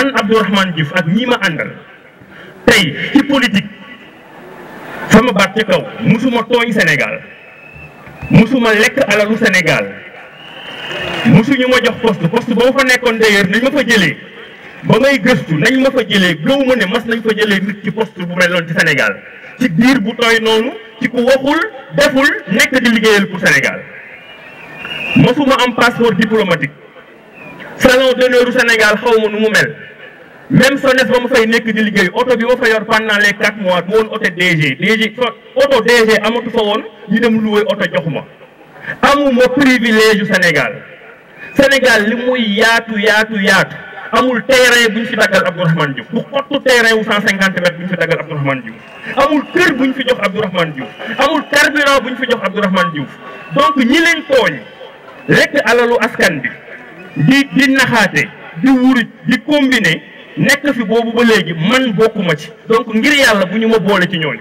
man Abdourahmane Diouf ak ñi ma àndal tey ci politique sama baat ci kaw musuma tooñ Sénégal musuma lekk alalu Sénégal musuñu ma jox poste poste ba ma fa nekkoon d'ailleurs nañ ma fa jëlee ba may gëstu nañ ma fa jëlee gëw ma ne mas nañ fa jëlee nit ci poste bu meloon ci Sénégal ci biir bu tooy noonu ci ku waxul deful nekk di liggéeyal pour Sénégal mosuma am passeport diplomatique salon d'honneur u Sénégal xaw nu mu mel même SONES ba ma fay nekk di liggéey oto bi ma fa yor pendant les quatre mois du woon oto DG DG so oto DG amatu fa woon ñu dem loué oto jox ma amuma privilège Sénégal Sénégal li muy yaatu yaatu yaatu amul terrain bu ñu fi daggal Abdourahmane Diouf bu xottu terrain wu cent cinquante mètres bu ñu fi daggal Abdourahmane Diouf amul kër bu ñu fi jox Abdourahmane Diouf amul carburant bu ñu fi jox Abdourahmane Diouf donc ñi leen tooñ lekk alalu askan bi di di naxaate nekk fi boobu ba léegi man bokkuma ci donc ngir yàlla bu ñu ma boole ci ñooñu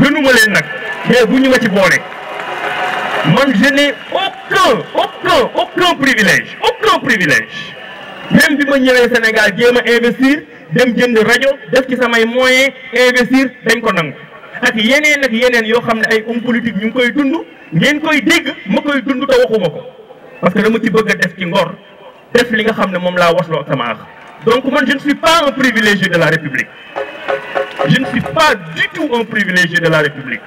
gënuma leen nag mais bu ñu ma ci boole man je n'ai aucun aucun aucun privilège aucun privilège même bi ma ñëwee Sénégal jéem a investir dem jënd rajo def ci samay moyens investir dañ ko nangu ak yeneen ak yeneen yoo xam ne ay homme politique ñu ngi koy dund ngeen koy dégg ma koy dund te waxuma ko parce que dama ci bëgg a def ci ngor def li nga xam ne moom laa wasloo sama donc man je ne suis pas un privilégié de la République je ne suis pas du tout un privilégié de la République